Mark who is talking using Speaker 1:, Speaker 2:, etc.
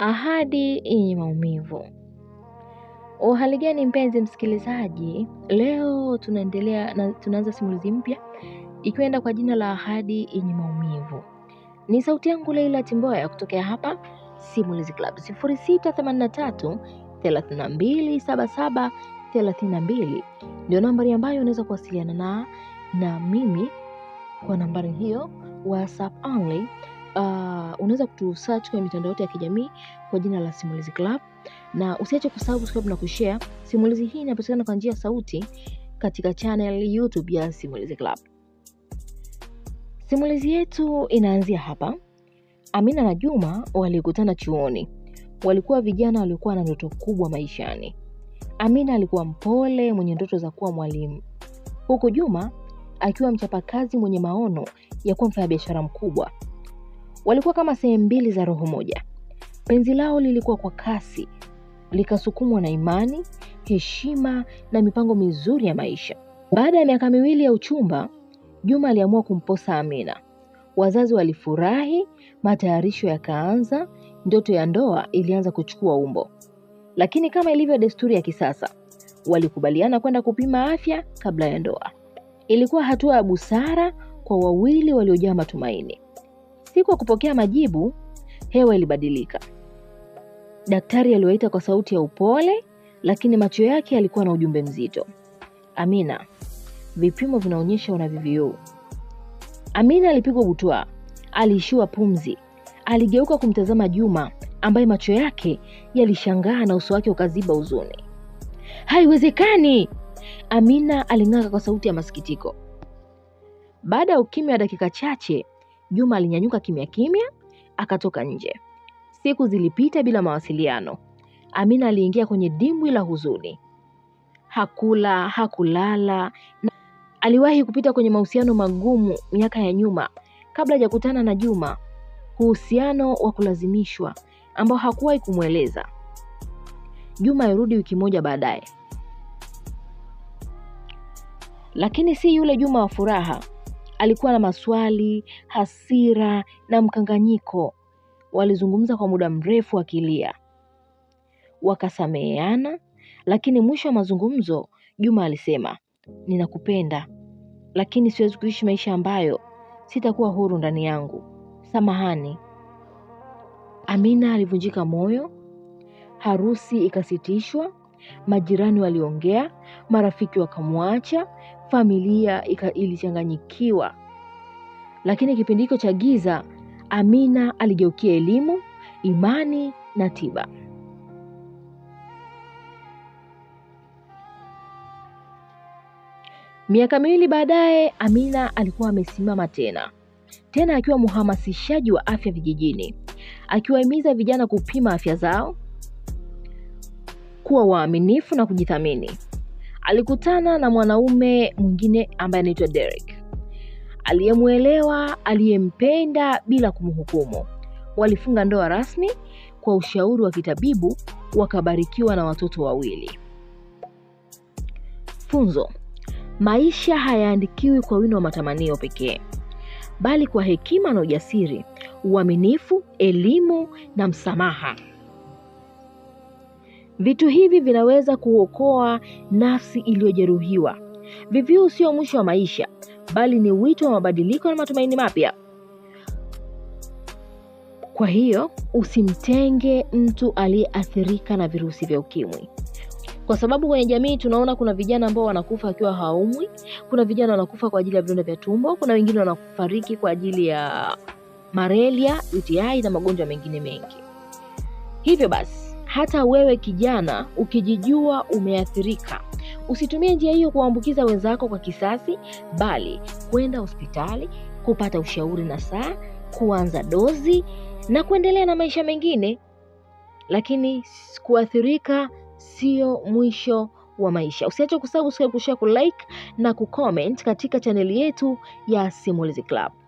Speaker 1: Ahadi yenye maumivu. Uhali gani mpenzi msikilizaji, leo tunaendelea na tunaanza simulizi mpya ikienda kwa jina la ahadi yenye maumivu. Ni sauti yangu Leila Timboya kutokea hapa Simulizi Club 0683 ndio nambari ambayo unaweza kuwasiliana na na mimi kwa nambari hiyo WhatsApp only uh, unaweza kutusearch kwenye mitandao yote ya kijamii kwa jina la Simulizi Club, na usiache kusubscribe na kushare. Simulizi hii inapatikana kwa njia sauti katika channel YouTube ya Simulizi Club. Simulizi yetu inaanzia hapa. Amina na Juma walikutana chuoni. Walikuwa vijana waliokuwa na ndoto kubwa maishani. Amina alikuwa mpole, mwenye ndoto za kuwa mwalimu, huku Juma akiwa mchapakazi mwenye maono ya kuwa mfanyabiashara mkubwa Walikuwa kama sehemu mbili za roho moja. Penzi lao lilikuwa kwa kasi, likasukumwa na imani, heshima na mipango mizuri ya maisha. Baada ya miaka miwili ya uchumba, Juma aliamua kumposa Amina. Wazazi walifurahi, matayarisho yakaanza, ndoto ya ndoa ilianza kuchukua umbo. Lakini kama ilivyo desturi ya kisasa, walikubaliana kwenda kupima afya kabla ya ndoa. Ilikuwa hatua ya busara kwa wawili waliojaa matumaini siku ya kupokea majibu, hewa ilibadilika. Daktari aliwaita kwa sauti ya upole, lakini macho yake yalikuwa na ujumbe mzito. Amina, vipimo vinaonyesha una VVU. Amina alipigwa butwaa, aliishiwa pumzi, aligeuka kumtazama Juma ambaye macho yake yalishangaa na uso wake ukaziba huzuni. Haiwezekani! Amina aling'aka kwa sauti ya masikitiko. Baada ya ukimya wa dakika chache, Juma alinyanyuka kimya kimya, akatoka nje. Siku zilipita bila mawasiliano. Amina aliingia kwenye dimbwi la huzuni. Hakula, hakulala. Na aliwahi kupita kwenye mahusiano magumu miaka ya nyuma kabla hajakutana na Juma, uhusiano wa kulazimishwa ambao hakuwahi kumweleza Juma. Alirudi wiki moja baadaye, lakini si yule Juma wa furaha Alikuwa na maswali, hasira na mkanganyiko. Walizungumza kwa muda mrefu akilia. Wakasameheana, lakini mwisho wa mazungumzo Juma alisema, ninakupenda lakini siwezi kuishi maisha ambayo sitakuwa huru ndani yangu, samahani. Amina alivunjika moyo, harusi ikasitishwa, Majirani waliongea, marafiki wakamwacha, familia ilichanganyikiwa. Lakini kipindi hicho cha giza, Amina aligeukia elimu, imani na tiba. Miaka miwili baadaye, Amina alikuwa amesimama tena tena, akiwa mhamasishaji wa afya vijijini, akiwahimiza vijana kupima afya zao, kuwa waaminifu na kujithamini. Alikutana na mwanaume mwingine ambaye anaitwa Derek, aliyemwelewa, aliyempenda bila kumhukumu. Walifunga ndoa rasmi kwa ushauri wa kitabibu, wakabarikiwa na watoto wawili. Funzo: maisha hayaandikiwi kwa wino wa matamanio pekee, bali kwa hekima na ujasiri, uaminifu, elimu na msamaha. Vitu hivi vinaweza kuokoa nafsi iliyojeruhiwa. Viviu sio mwisho wa maisha, bali ni wito wa mabadiliko na matumaini mapya. Kwa hiyo usimtenge mtu aliyeathirika na virusi vya ukimwi, kwa sababu kwenye jamii tunaona kuna vijana ambao wanakufa akiwa haumwi, kuna vijana wanakufa kwa ajili ya vidonda vya tumbo, kuna wengine wanafariki kwa ajili ya malaria, UTI na magonjwa mengine mengi. Hivyo basi hata wewe kijana ukijijua umeathirika, usitumie njia hiyo kuwaambukiza wenzako kwa kisasi, bali kwenda hospitali kupata ushauri na saa, kuanza dozi na kuendelea na maisha mengine. Lakini kuathirika sio mwisho wa maisha. Usiache kusubscribe, kushare, kulike na kucomment katika chaneli yetu ya Simulizi Club.